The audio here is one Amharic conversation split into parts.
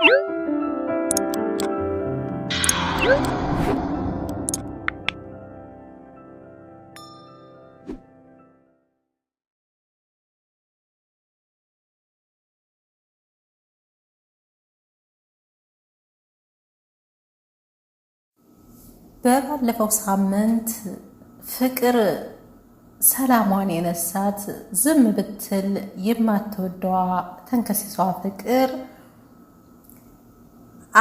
በባለፈው ሳምንት ፍቅር ሰላሟን የነሳት ዝም ብትል የማትወደዋ ተንከሲሷ ፍቅር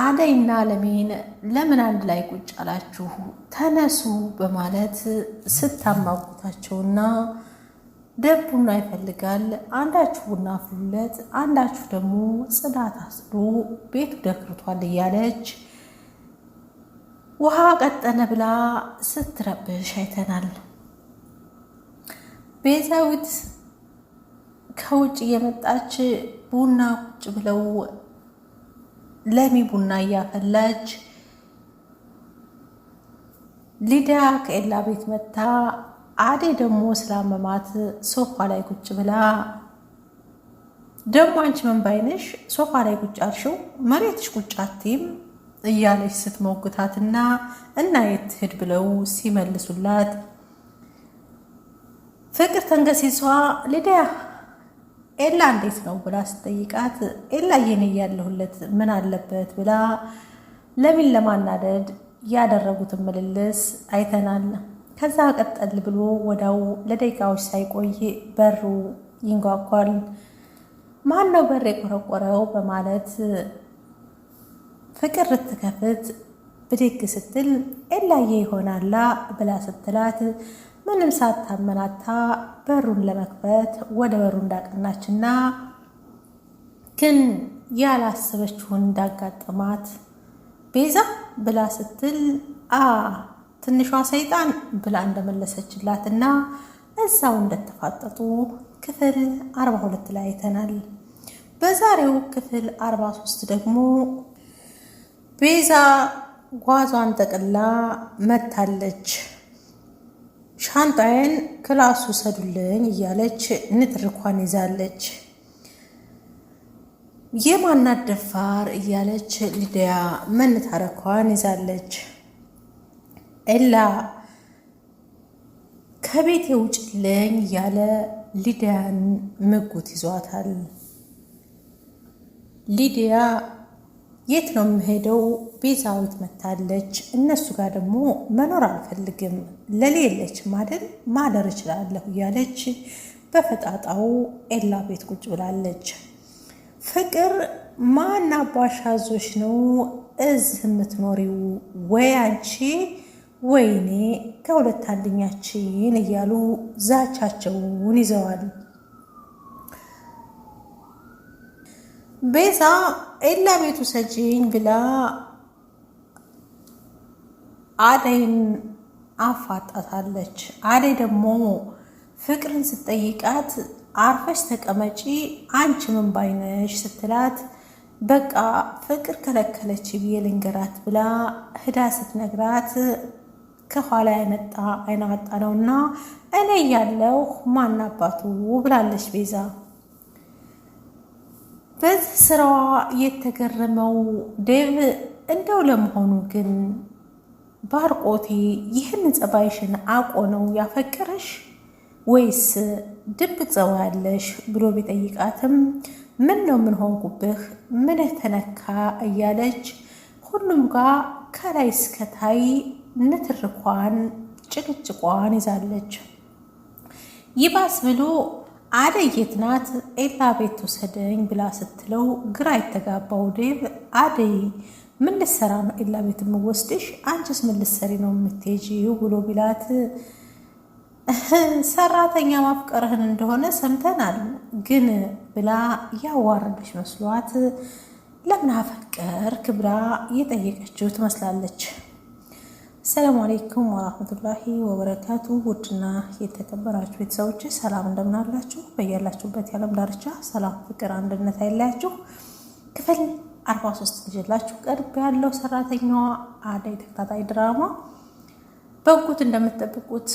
አደይና ለሚን ለምን አንድ ላይ ቁጭ አላችሁ? ተነሱ በማለት ስታማጉታቸውና ደብ ቡና ይፈልጋል። አንዳችሁ ቡና አፍሉለት፣ አንዳችሁ ደግሞ ጽዳት አስሉ፣ ቤቱ ደክርቷል እያለች ውሃ ቀጠነ ብላ ስትረብሽ አይተናል። ቤዛዊት ከውጭ እየመጣች ቡና ቁጭ ብለው ለሚ ቡና እያፈላች ሊዳ ከኤላ ቤት መታ። አዴ ደግሞ ስላመማት ሶፋ ላይ ቁጭ ብላ ደግሞ አንቺ ምን ባይነሽ ሶፋ ላይ ቁጭ አልሽው መሬትሽ ቁጭ አትይም እያለች ስትሞግታትና እና የት ሂድ ብለው ሲመልሱላት ፍቅር ተንገሲሷ ሊዲያ ኤላ እንዴት ነው ብላ ስጠይቃት ኤላ የኔ ያለሁለት ምን አለበት ብላ ለሚን ለማናደድ ያደረጉትን ምልልስ አይተናል። ከዛ ቀጠል ብሎ ወዳው ለደቂቃዎች ሳይቆይ በሩ ይንጓኳል። ማን ነው በር የቆረቆረው በማለት ፍቅር ልትከፍት ብድግ ስትል ኤላዬ ይሆናላ ብላ ስትላት ምንም ሳታመናታ በሩን ለመክፈት ወደ በሩ እንዳቀናችና ግን ያላሰበችውን እንዳጋጠማት ቤዛ ብላ ስትል አ ትንሿ ሰይጣን ብላ እንደመለሰችላት እና እዛው እንደተፋጠጡ ክፍል 42 ላይ አይተናል። በዛሬው ክፍል 43 ደግሞ ቤዛ ጓዟን ጠቅላ መታለች። ሻንጣዬን ክላስ ውሰዱልኝ እያለች ንትርኳን ይዛለች። የማናት ደፋር እያለች ሊዲያ መንታረኳን ይዛለች። ኤላ ከቤት የውጭልኝ እያለ ሊዲያን ምጉት ይዟታል። ሊዲያ የት ነው የምሄደው ቤዛዊት መታለች። እነሱ ጋር ደግሞ መኖር አልፈልግም ለሌለች ማደል ማደር እችላለሁ እያለች በፈጣጣው ኤላ ቤት ቁጭ ብላለች። ፍቅር ማን አባሽ ነው እዚህ የምትኖሪው? ወይ አንቺ ወይኔ ከሁለት አንደኛችን እያሉ ዛቻቸውን ይዘዋል። ቤዛ ኤላ ቤቱ ሰጂኝ ብላ አደይን አፋጣታለች። አደይ ደግሞ ፍቅርን ስትጠይቃት አርፈሽ ተቀመጪ አንቺ ምን ባይነሽ ስትላት በቃ ፍቅር ከለከለች ብዬ ልንገራት ብላ ህዳ ስትነግራት ከኋላ ያመጣ አይናጣ ነው እና እኔ ያለው አባቱ ብላለች ቤዛ። በዚህ ስራዋ የተገረመው ዴቭ እንደው ለመሆኑ ግን ባርቆቴ ይህን ጸባይሽን አቆ ነው ያፈቀረሽ ወይስ ድብቅ ጸባይ ብሎ ቢጠይቃትም ምን ነው ምን ሆንኩብህ ምን ተነካ እያለች ሁሉም ጋር ከላይ እስከታይ ንትርኳን ጭቅጭቋን ይዛለች። ይባስ ብሎ አደይ ናት ኤላ ቤት ውሰደኝ ብላ ስትለው ግራ የተጋባው ዴቭ አደይ ምን ልሰራ ነው ኤላ ቤት የምወስድሽ? አንቺስ ምን ልሰሪ ነው የምትሄጂው ብሎ ቢላት ሰራተኛ ማፍቀርህን እንደሆነ ሰምተናል፣ ግን ብላ ያዋረደች መስሏት ለምን አፈቀርክ ብላ እየጠየቀችው ትመስላለች። ሰላም አሌይኩም ወራህመቱላሂ ወበረካቱ። ውድና የተከበራችሁ ቤተሰቦች ሰላም እንደምናላችሁ፣ በያላችሁበት የዓለም ዳርቻ ሰላም፣ ፍቅር፣ አንድነት አይለያችሁ ክፍል አርባ ሶስት ይዤላችሁ ቀርብ ያለው ሰራተኛዋ አደይ ተከታታይ ድራማ በጉት እንደምትጠብቁት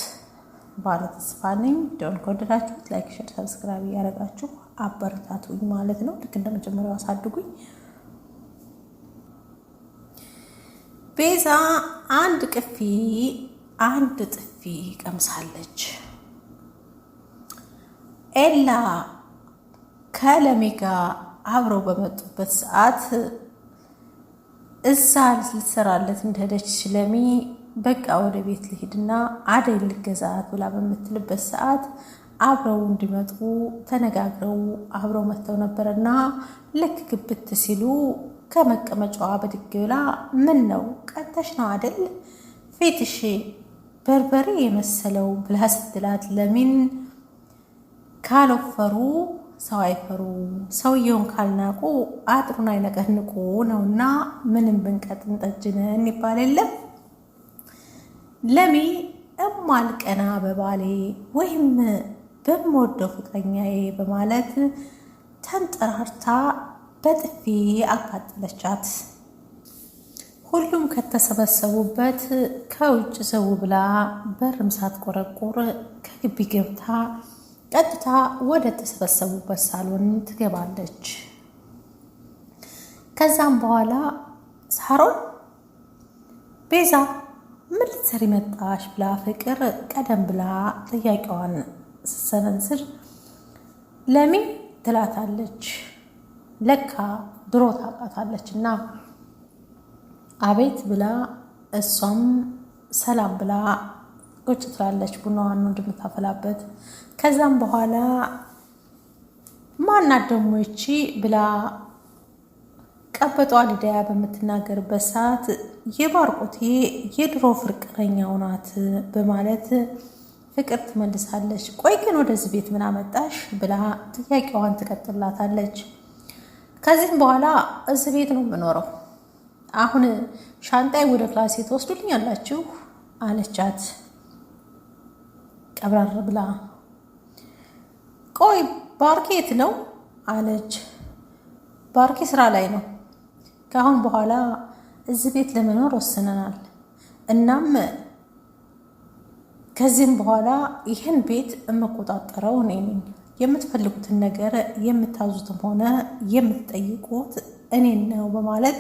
ባለ ተስፋ ነኝ። ዲሆን ከወደዳችሁት ላይክ፣ ሸር፣ ሰብስክራይብ እያደረጋችሁ አበረታቱኝ ማለት ነው። ልክ እንደ መጀመሪያው አሳድጉኝ። ቤዛ አንድ ቅፊ አንድ ጥፊ ቀምሳለች። ኤላ ከለሜ ጋር አብረው በመጡበት ሰዓት እዛ ልትሰራለት እንደሄደች ለሚ በቃ ወደ ቤት ልሂድና አደይ ልገዛት ብላ በምትልበት ሰዓት አብረው እንዲመጡ ተነጋግረው አብረው መጥተው ነበረና ልክ ግብት ሲሉ ከመቀመጫዋ ብድግ ብላ ምን ነው ቀንተሽ ነው አደል ፊትሽ በርበሬ የመሰለው ብላ ስትላት ለሚን ካልወፈሩ ሰው አይፈሩም። ሰውየውን ካልናቁ አጥሩን አይነቀንቁ ነው እና ምንም ብንቀጥን ጠጅነን ይባል የለም። ለሚ እማልቀና በባሌ ወይም በምወደው ፍቅረኛዬ በማለት ተንጠራርታ በጥፊ አቃጠለቻት። ሁሉም ከተሰበሰቡበት ከውጭ ሰው ብላ በርም ሳትቆረቆር ከግቢ ገብታ ቀጥታ ወደ ተሰበሰቡበት ሳሎን ትገባለች። ከዛም በኋላ ሳሮን ቤዛ ምን ልትሰሪ መጣሽ ብላ ፍቅር ቀደም ብላ ጥያቄዋን ስትሰነዝር ለሚ ትላታለች። ለካ ድሮ ታውቃታለች እና አቤት ብላ እሷም ሰላም ብላ ቁጭ ትላለች ቡናዋን እንድምታፈላበት። ከዛም በኋላ ማናት ደግሞ ይቺ ብላ ቀበጧ ሊዲያ በምትናገርበት ሰዓት የባርቆቴ የድሮ ፍቅረኛው ናት በማለት ፍቅር ትመልሳለች። ቆይ ግን ወደዚህ ቤት ምን አመጣሽ ብላ ጥያቄዋን ትቀጥላታለች። ከዚህም በኋላ እዚህ ቤት ነው የምኖረው። አሁን ሻንጣይ ወደ ክላሴ ትወስዱልኝ አለቻት። ቀብራር ብላ ቆይ ባርኬት የት ነው አለች። ባርኬ ስራ ላይ ነው። ከአሁን በኋላ እዚህ ቤት ለመኖር ወስነናል። እናም ከዚህም በኋላ ይህን ቤት የምቆጣጠረው እኔ ነኝ። የምትፈልጉትን ነገር የምታዙትም ሆነ የምትጠይቁት እኔን ነው በማለት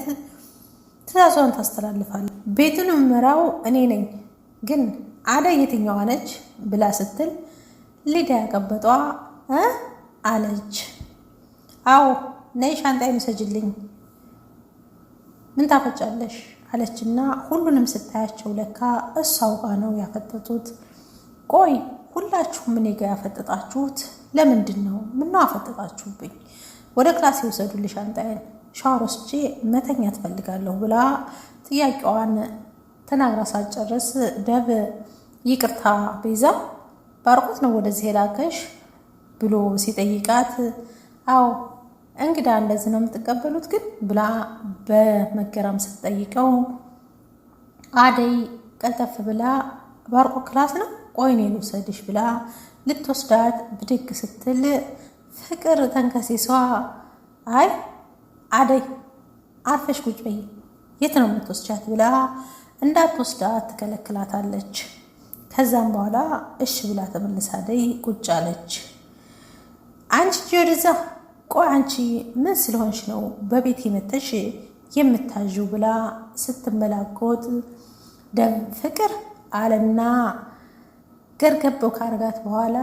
ትዕዛዟን ታስተላልፋለች። ቤቱን የምመራው እኔ ነኝ ግን አደይ የትኛዋ ነች ብላ ስትል ሊዳ ያቀበጧ አለች። አዎ ነይ ሻንጣዬን ውሰጂልኝ፣ ምን ታፈጫለሽ አለችና ሁሉንም ስታያቸው ለካ እሷው ጋ ነው ያፈጠጡት። ቆይ ሁላችሁም እኔ ጋ ያፈጠጣችሁት ለምንድን ነው? ምነው አፈጠጣችሁብኝ? ወደ ክላስ የወሰዱልሽ ሻንጣዬን ሻወር ወስጄ መተኛ ትፈልጋለሁ ብላ ጥያቄዋን ተናግራ ሳጨርስ ደብ ይቅርታ ቤዛ ባርኮት ነው ወደዚህ የላከሽ ብሎ ሲጠይቃት፣ አዎ እንግዳ እንደዚህ ነው የምትቀበሉት ግን ብላ በመገረም ስትጠይቀው፣ አደይ ቀልጠፍ ብላ ባርቆ ክላስ ነው ቆይኔ ልውሰድሽ ብላ ልትወስዳት ብድግ ስትል ፍቅር ተንከሴሷ፣ አይ አደይ አርፈሽ ቁጭ በይ የት ነው የምትወስዳት ብላ እንዳትወስዳት ትከለክላታለች። ከዛም በኋላ እሺ ብላ ደይ ቁጭ አለች። አንቺ ጆርዛ ቆይ፣ አንቺ ምን ስለሆንሽ ነው በቤት የመጠሽ የምታዡ? ብላ ስትመላኮት ደም ፍቅር አለና ገርገበው ካረጋት በኋላ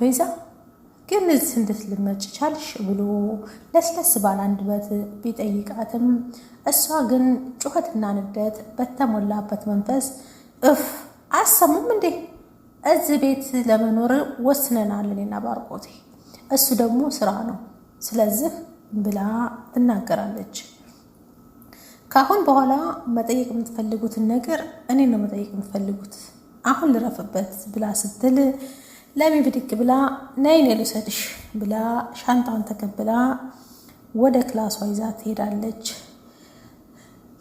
ቤዛ ግን እዚህ እንዴት ልመጭ ቻልሽ ብሎ ለስለስ ባለ አንደበት ቢጠይቃትም እሷ ግን ጩኸትና ንዴት በተሞላበት መንፈስ እፍ አያሰሙም እንዴ? እዚህ ቤት ለመኖር ወስነናል እኔና ባርቆቴ፣ እሱ ደግሞ ስራ ነው። ስለዚህ ብላ ትናገራለች። ከአሁን በኋላ መጠየቅ የምትፈልጉትን ነገር እኔ ነው መጠየቅ የምትፈልጉት፣ አሁን ልረፍበት ብላ ስትል ለሚ ብድግ ብላ ነይ እኔ ልውሰድሽ ብላ ሻንጣውን ተቀብላ ወደ ክላሷ ይዛ ትሄዳለች።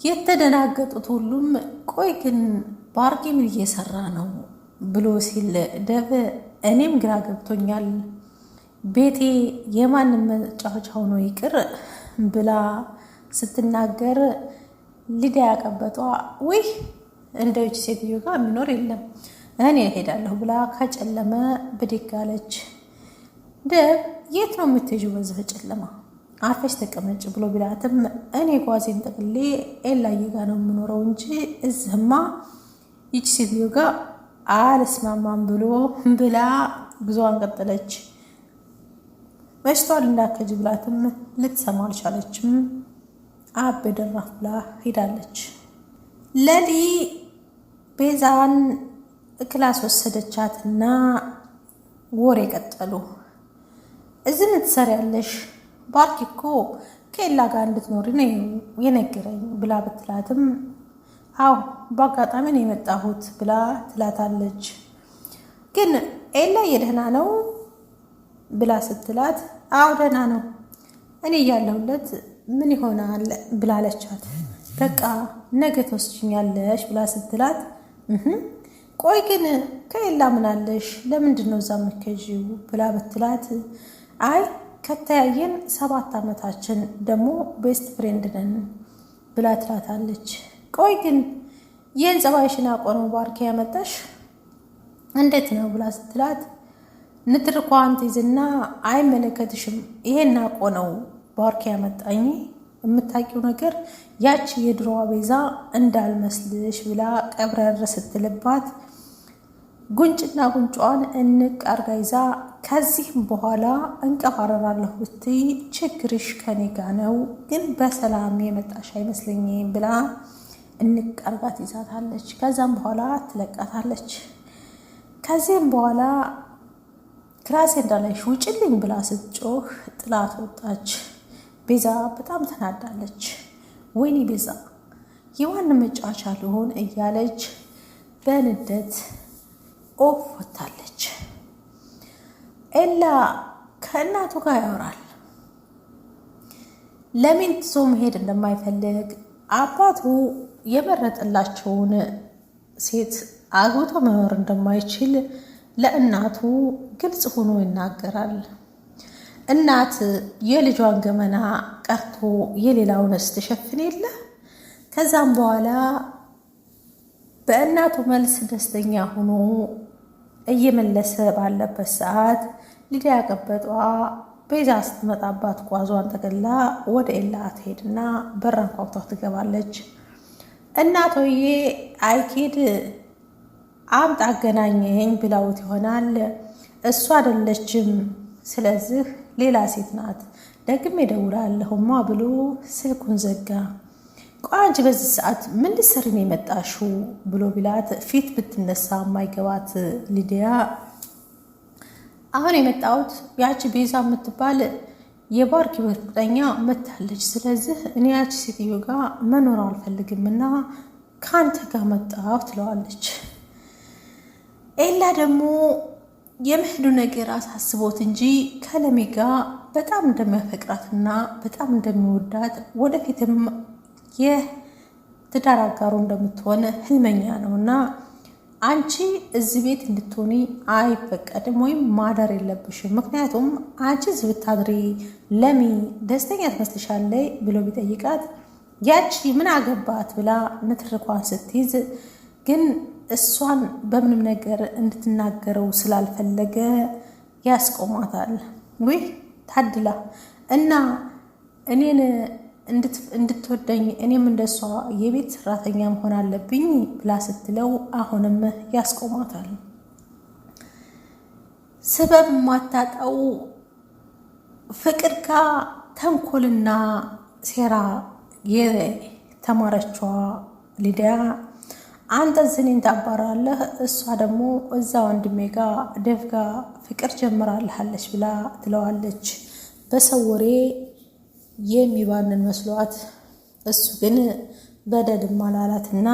የተደናገጡት ሁሉም ቆይ ግን ባርጌ ምን እየሰራ ነው ብሎ ሲል ደብ እኔም ግራ ገብቶኛል፣ ቤቴ የማንም መጫወቻ ሆኖ ይቅር ብላ ስትናገር ሊዳ ያቀበጧ ውይ እንደች ሴትዮ ጋር የሚኖር የለም እኔ እሄዳለሁ ብላ ከጨለመ ብድግ አለች። ደብ የት ነው የምትሄጂው በዚህ ጨለማ? አርፈሽ ተቀመጭ ብሎ ቢላትም እኔ ጓዜን ጠቅሌ ኤላዬ ጋ ነው የምኖረው እንጂ እዚህማ ይች ሴትዮ ጋ አልስማማም ብሎ ብላ ጉዞዋን ቀጠለች። መሽቷል እንዳከጅ ብላትም ልትሰማ አልቻለችም። አብ ደራፍ ብላ ሄዳለች። ለሊ ቤዛን ክላስ ወሰደቻትና ወሬ ቀጠሉ። እዚህ ምትሰሪያለሽ ባርኪ እኮ ከኤላ ጋር እንድትኖሪ ነው የነገረኝ ብላ ብትላትም አዎ በአጋጣሚ ነው የመጣሁት ብላ ትላታለች። ግን ኤላ የደህና ነው ብላ ስትላት አዎ ደህና ነው እኔ እያለሁለት ምን ይሆናል ብላለቻት። በቃ ነገ ትወስጂኛለሽ ብላ ስትላት ቆይ ግን ከኤላ ምናለሽ ለምንድን ነው እዛ መከዥው ብላ ብትላት አይ ከተያየን ሰባት ዓመታችን ደግሞ ቤስት ፍሬንድ ነን ብላ ትላታለች። ቆይ ግን ይህን ጸባይሽን አውቆ ነው ባርኬ ያመጣሽ እንዴት ነው ብላ ስትላት ንትርኳን ትይዝና አይመለከትሽም፣ ይሄን አውቆ ነው ባርክ ያመጣኝ የምታውቂው ነገር ያቺ የድሮዋ ቤዛ እንዳልመስልሽ ብላ ቀብረር ስትልባት ጉንጭና ጉንጯን እንቅ አርጋ ይዛ ከዚህም በኋላ እንቀባረራለሁ ብትይ ችግርሽ ከኔ ጋ ነው፣ ግን በሰላም የመጣሽ አይመስለኝም ብላ እንቀርባት ይዛታለች። ከዛም በኋላ ትለቃታለች። ከዚህም በኋላ ክላሴ እንዳለሽ ውጭልኝ ብላ ስትጮህ ጥላት ወጣች። ቤዛ በጣም ተናዳለች። ወይኔ ቤዛ የዋን መጫወቻ ልሆን እያለች በንደት ኦፍ ወታለች። ኤላ ከእናቱ ጋር ያወራል። ለምን ትቶ መሄድ እንደማይፈልግ አባቱ የመረጠላቸውን ሴት አግብቶ መኖር እንደማይችል ለእናቱ ግልጽ ሆኖ ይናገራል። እናት የልጇን ገመና ቀርቶ የሌላውንስ ትሸፍን የለ። ከዛም በኋላ በእናቱ መልስ ደስተኛ ሆኖ እየመለሰ ባለበት ሰዓት ሊዲያ ያቀበጧ ቤዛ ስትመጣባት ጓዟን ጠቅላ ወደ ኤላ ትሄድና በራን አንኳኩታ ትገባለች። እናቶዬ አይኪድ አምጥ አገናኘኝ ብላውት ይሆናል። እሱ አይደለችም፣ ስለዚህ ሌላ ሴት ናት። ደግሜ የደውላለሁማ ብሎ ስልኩን ዘጋ። ቆይ በዚህ ሰዓት ምን ልትሰሪ ነው የመጣሽው? ብሎ ቢላት ፊት ብትነሳ የማይገባት ሊዲያ አሁን የመጣሁት ያቺ ቤዛ የምትባል የባርኪ ወርቁጠኛ መታለች። ስለዚህ እኔ ያቺ ሴትዮ ጋር መኖር አልፈልግም እና ከአንተ ጋር መጣሁ ትለዋለች። ኤላ ደግሞ የመሄዱ ነገር አሳስቦት እንጂ ከለሜ ጋር በጣም እንደሚያፈቅራትና በጣም እንደሚወዳት ወደፊትም የትዳር አጋሩ እንደምትሆን ህልመኛ ነውና አንቺ እዚህ ቤት እንድትሆኒ አይፈቀድም ወይም ማደር የለብሽም። ምክንያቱም አንቺ እዚህ ብታድሪ ለሚ ደስተኛ ትመስልሻለች ብሎ ቢጠይቃት ያቺ ምን አገባት ብላ ንትርኳን ስትይዝ ግን እሷን በምንም ነገር እንድትናገረው ስላልፈለገ ያስቆማታል። ውይ ታድላ እና እኔን እንድትወደኝ እኔም እንደሷ የቤት ሰራተኛ መሆን አለብኝ ብላ ስትለው አሁንም ያስቆማታል። ስበብ ማታጣው ፍቅር ጋ ተንኮልና ሴራ የተማረችዋ ሊዲያ አንተ ዝኔን ታባራለህ፣ እሷ ደግሞ እዛ ወንድሜ ጋ ደፍ ፍቅር ጀምራልሃለች ብላ ትለዋለች። በሰው ወሬ የሚባንን መስሏት እሱ ግን በደድም ማላላት እና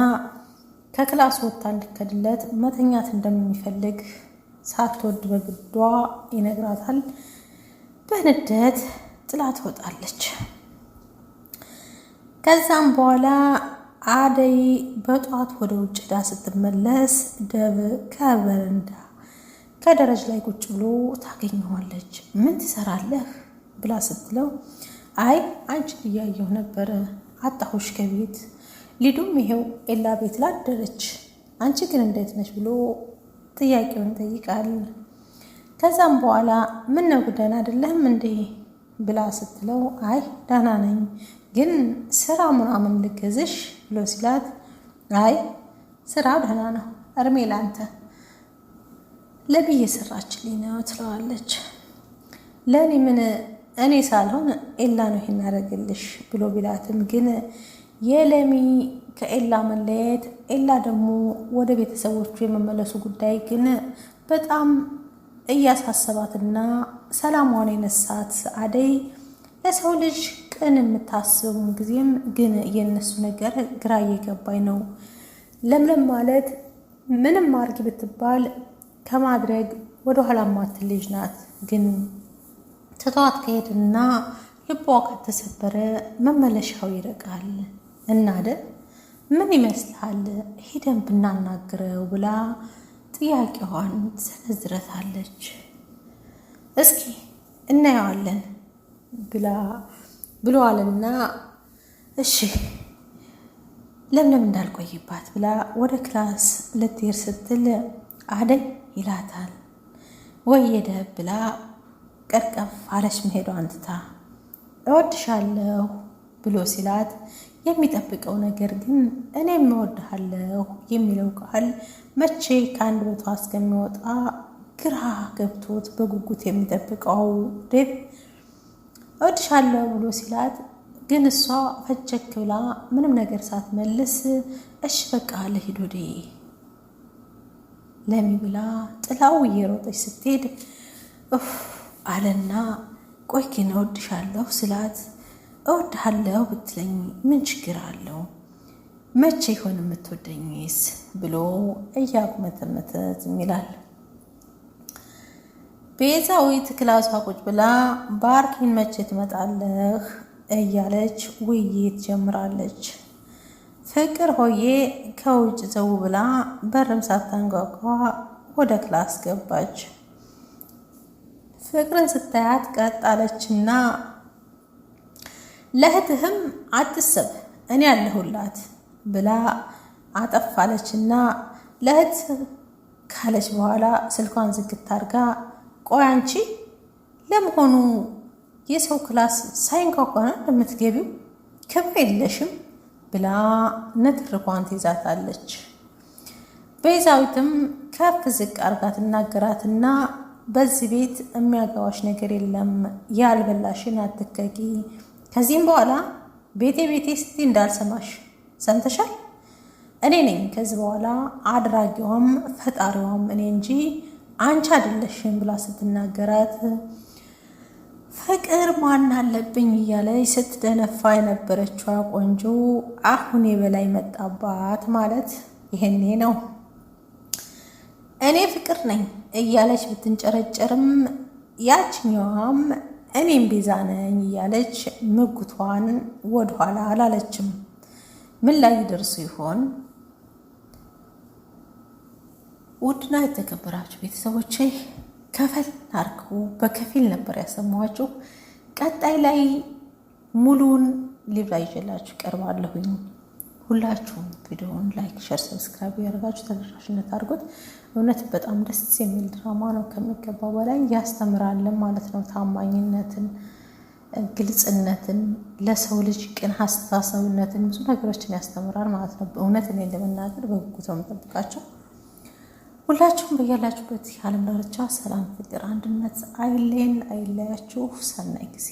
ከክላስ ወጥታ እንድከድለት መተኛት እንደሚፈልግ ሳትወድ በግዷ ይነግራታል። በንዴት ጥላ ትወጣለች። ከዛም በኋላ አደይ በጠዋት ወደ ውጭ ዳ ስትመለስ ደብ ከበረንዳ ከደረጅ ላይ ቁጭ ብሎ ታገኘዋለች። ምን ትሰራለህ ብላ ስትለው አይ አንቺን እያየሁ ነበረ አጣሁሽ ከቤት ሊዱም ይሄው ኤላ ቤት ላደረች አንቺ ግን እንዴት ነች ብሎ ጥያቄውን ጠይቃል። ከዛም በኋላ ምን ነው ደህና አይደለህም እንዴ ብላ ስትለው አይ ደህና ነኝ ግን ስራ ምናምን ልገዝሽ ብሎ ሲላት አይ ስራ ደህና ነው እርሜ ላንተ ለብዬ ሰራችልኝ ነው ትለዋለች። ለእኔ ምን እኔ ሳልሆን ኤላ ነው ይሄን ያደረግልሽ ብሎ ቢላትም ግን የለሚ ከኤላ መለየት ኤላ ደግሞ ወደ ቤተሰቦቹ የመመለሱ ጉዳይ ግን በጣም እያሳሰባትና ሰላሟን የነሳት አደይ ለሰው ልጅ ቅን የምታስቡን ጊዜም ግን የእነሱ ነገር ግራ እየገባኝ ነው። ለምለም ማለት ምንም አርጊ ብትባል ከማድረግ ወደኋላ ማት ልጅ ናት ግን ትቷት ከሄድና ልቧ ከተሰበረ መመለሻው ይርቃል። እናደ ምን ይመስልሃል ሂደን ብናናግረው ብላ ጥያቄዋን ትሰነዝረታለች። እስኪ እናየዋለን ብላ ብለዋልና እሺ ለምለም እንዳልቆይባት ብላ ወደ ክላስ ልትሄድ ስትል አደይ ይላታል። ወየደ ብላ ቀርቀፍ አለች መሄዷ አንትታ እወድሻለሁ ብሎ ሲላት የሚጠብቀው ነገር ግን እኔም እወድሃለሁ የሚለው ቃል መቼ ከአንድ ቦታ እስከሚወጣ ግራ ገብቶት በጉጉት የሚጠብቀው ዴቭ እወድሻለሁ ብሎ ሲላት ግን እሷ ፈጀክ ብላ ምንም ነገር ሳትመልስ እሽ በቃ ልሂድ ወዴ ለሚ ብላ ጥላው እየሮጠች ስትሄድ አለና ቆይኬን እወድሻለሁ ስላት እወድሃለሁ ብትለኝ ምን ችግር አለው? መቼ ይሆን የምትወደኝስ ብሎ እያጉመተመተ ዝም ይላል። ቤዛዊት ክላሷ ቁጭ ብላ ባርኪን መቼ ትመጣለህ እያለች ውይይት ጀምራለች። ፍቅር ሆዬ ከውጭ ዘው ብላ በርም ሳታንጓጓ ወደ ክላስ ገባች። ፍቅርን ስታያት ቀጣለችና አለችና ለእህትህም አትስብ እኔ ያለሁላት ብላ አጠፋለችና ለእህት ካለች በኋላ ስልኳን ዝግት አርጋ ቆይ አንቺ ለመሆኑ የሰው ክላስ ሳይንኳኳ ነው የምትገቢው? ክብር የለሽም ብላ ንትርኳን ትይዛታለች። ቤዛዊትም ከፍ ዝቅ አድርጋ ትናገራትና በዚህ ቤት የሚያገባሽ ነገር የለም፣ ያልበላሽን አትከቂ። ከዚህም በኋላ ቤቴ ቤቴ ስቲ እንዳልሰማሽ ሰምተሻል? እኔ ነኝ ከዚህ በኋላ አድራጊዋም ፈጣሪዋም እኔ እንጂ አንቺ አይደለሽም ብላ ስትናገራት ፍቅር ማን አለብኝ እያለች ስትደነፋ የነበረችዋ ቆንጆ አሁን የበላይ መጣባት ማለት ይሄኔ ነው። እኔ ፍቅር ነኝ እያለች ብትንጨረጨርም ያችኛዋም እኔም ቤዛ ነኝ እያለች ምጉቷን ወደኋላ አላለችም። ምን ላይ ደርሱ ይሆን? ውድና የተከበራችሁ ቤተሰቦቼ ከፈል አድርገው በከፊል ነበር ያሰማኋችሁ። ቀጣይ ላይ ሙሉውን ሊብላ ይችላችሁ ቀርባለሁኝ። ሁላችሁም ቪዲዮውን ላይክ፣ ሸር፣ ሰብስክራይብ ያደርጋችሁ ተደራሽነት አድርጎት። እውነት በጣም ደስ የሚል ድራማ ነው፣ ከሚገባ በላይ ያስተምራልን ማለት ነው። ታማኝነትን፣ ግልጽነትን፣ ለሰው ልጅ ቅን አስተሳሰብነትን ብዙ ነገሮችን ያስተምራል ማለት ነው። በእውነት እኔ ለመናገር በጉጉት ነው የምጠብቃቸው። ሁላችሁም በያላችሁበት የዓለም ዳርቻ ሰላም፣ ፍቅር፣ አንድነት አይሌን አይለያችሁ። ሰናይ ጊዜ